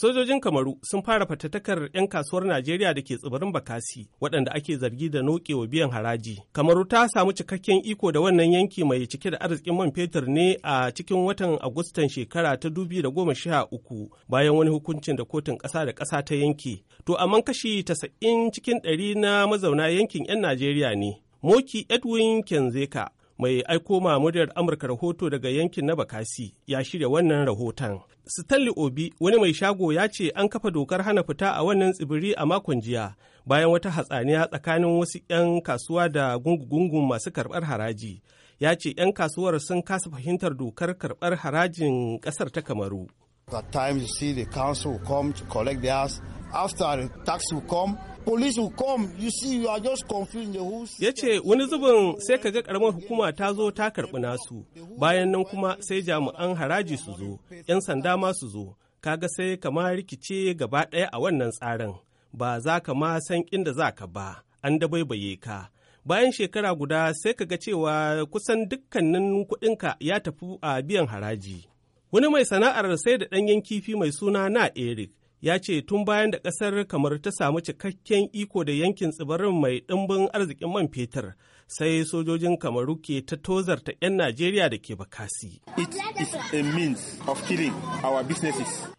Sojojin Kamaru sun fara fatattakar 'yan kasuwar Najeriya da ke tsibirin Bakasi waɗanda ake zargi da wa biyan haraji. Kamaru ta samu cikakken iko da wannan yanki mai cike da arzikin man fetur ne a cikin watan Agustan shekara ta sha uku, bayan wani hukuncin da kotun ƙasa da ƙasa ta yanki. To amma kashi tasa'in cikin ɗari na mazauna yankin 'yan Najeriya ne. Moki Edwin Kenzeka mai aiko ma muryar Amurka rahoto daga yankin na Bakasi ya shirya wannan rahoton. Stanley Obi wani mai shago ya ce an kafa dokar hana fita a wannan tsibiri a makon jiya bayan wata hatsaniya tsakanin wasu 'yan kasuwa da gungu-gungun masu karɓar haraji. Ya ce 'yan kasuwar sun kasa fahimtar dokar karɓar harajin ƙasar ta Kamaru. At times you see the council come to collect theirs after tax will come police will come you see you are just confusing the whole ya wani zubin sai kaga karamar hukuma ta zo ta karɓi nasu bayan nan kuma sai jami'an haraji su zo 'yan sanda ma su zo kaga sai kama rikice gaba ɗaya a wannan tsarin ba za ka ma san inda za ka ba an dabaibaye ka bayan shekara guda sai kaga cewa kusan dukkanin kuɗinka ya tafi a biyan haraji wani mai sana'ar sai da ɗanyen kifi mai suna na eric ya ce tun bayan da ƙasar kamar ta samu cikakken iko da yankin tsibirin mai ɗimbin arzikin man fetur sai sojojin kamaru ke ta tozarta 'yan najeriya da ke bakasi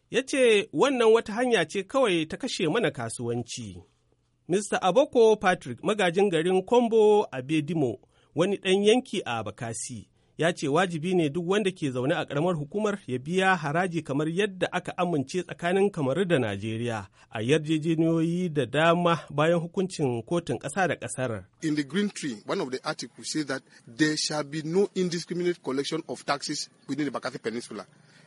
ya ce wannan wata hanya ce kawai ta kashe mana kasuwanci mr aboko patrick magajin garin kombo a bedimo wani ɗan yanki a bakasi ya ce wajibi ne duk wanda ke zaune a karamar hukumar ya biya haraji kamar yadda aka amince tsakanin kamaru da Najeriya a yarjejeniyoyi da dama bayan hukuncin kotun ƙasa da ƙasar. In the Green Tree, one of the articles says that there shall be no indiscriminate collection of taxes within the Bakassi Peninsula.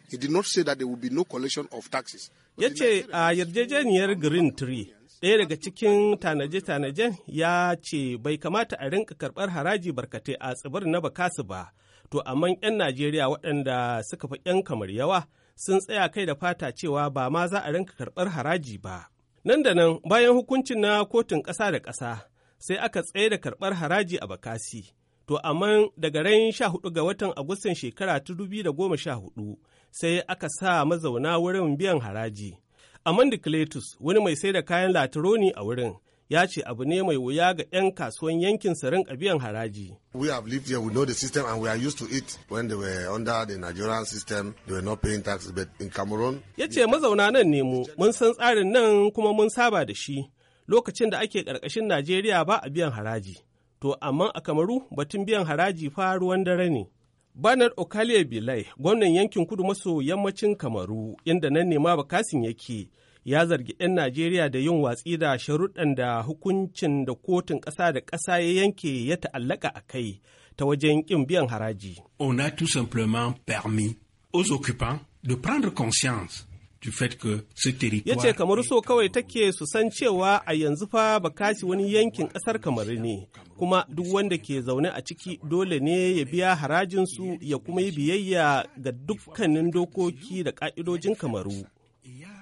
He did not say that there will be no collection of taxes. Ya ce a yarjejeniyar Green Tree, ɗaya daga cikin tanaje-tanajen ya ce bai kamata a rinka karɓar haraji barkatai a tsibirin na Bakassi ba. to amma 'yan najeriya waɗanda suka fi 'yan kamar yawa sun tsaya kai da fata cewa ba ma za a rinka karɓar haraji ba nan da nan bayan hukuncin na kotun ƙasa da ƙasa sai aka tsaye da karɓar haraji a bakasi to amma daga ran 14 ga watan agustan shekara ta 2014 sai aka sa mazauna wurin biyan haraji amanda cletus wani mai sai da kayan latironi a wurin ya ce abu ne mai wuya ga 'yan kasuwan yankin sarin biyan haraji. We have lived here, we know the system and we are used to it. When they were under the Nigerian system, they were not paying tax, but in Cameroon... Ya ce mazauna nan ne mu, mun san tsarin nan kuma mun saba da shi. Lokacin da ake ƙarƙashin Najeriya ba a biyan haraji. To, amma a Kamaru batun biyan haraji fa ruwan dare ne. Banar Okalie Bilai, gwamnan yankin kudu maso yammacin Kamaru, inda nan ne ma bakasin yake, ya zargi 'yan Najeriya da yin watsi da sharuɗan da hukuncin da kotun ƙasa da ƙasa ya yanke ya ta'allaka a kai ta wajen ƙin biyan haraji. On a tout simplement permis aux occupants de prendre conscience Ya ce kamar so kawai take su san cewa a yanzu fa ba Bakasi wani yankin ƙasar kamar ne, kuma duk wanda ke zaune a ciki dole ne ya biya harajinsu ya kuma yi biyayya ga dukkanin dokoki da ƙa'idojin kamaru.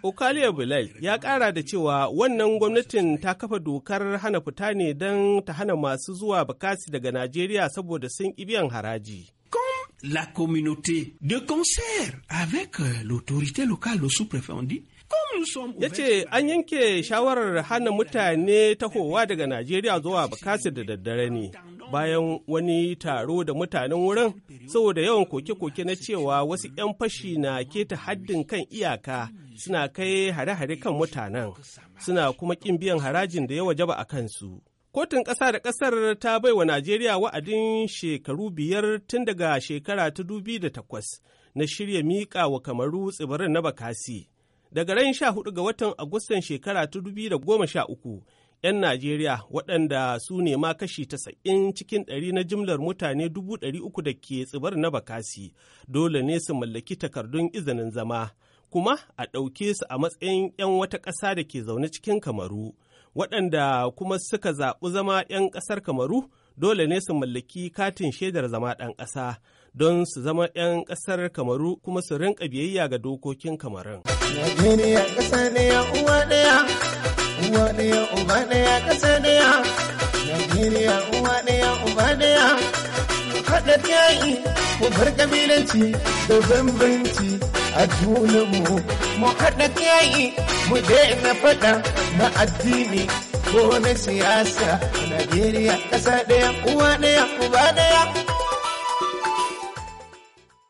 Okaliya Bilal ya ƙara da cewa wannan gwamnatin ta kafa dokar hana fita ne don ta hana masu zuwa bakasi daga Najeriya saboda sun biyan haraji. La communauté de concert avec euh, l'autorité locale, le sous-préfet, on ya ce an yanke shawarar hana mutane tahowa daga najeriya zuwa bakasi da daddare ne bayan wani taro da mutanen wurin saboda yawan koke-koke na cewa wasu 'yan fashi na keta haddin kan iyaka suna kai hare-hare kan mutanen suna kuma kin biyan harajin da ya wajaba a kansu kotun ƙasa da ƙasar ta bai wa najeriya wa'adin shekaru biyar tun daga shekara ta dubi da takwas na shirya miƙa wa kamaru tsibirin na bakasi Daga ran sha hudu ga watan Agustan shekara ta goma sha uku, 'yan Najeriya waɗanda su ne ma kashi tasa'in cikin ɗari na jimlar mutane dubu ɗari uku da ke tsibar na bakasi dole ne su mallaki takardun izinin zama kuma a ɗauke su a matsayin 'yan wata ƙasa da ke zaune cikin kamaru waɗanda kuma suka zaɓi zama 'yan ƙasar kamaru dole ne su mallaki katin shaidar zama ɗan ƙasa don su zama 'yan ƙasar kamaru kuma su rinka biyayya ga dokokin kamarun. ƙasa ɗaya uwa ɗaya, uwa ɗaya a junanmu. Mu haɗa mu daina faɗa na addini ko na siyasa. Najeriya ƙasa ɗaya uwa ɗaya uba ɗaya.